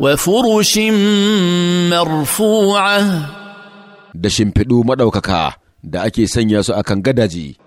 Wa furushin مرفوعة da shimfiɗu maɗaukaka da ake sanya su akan gadaji.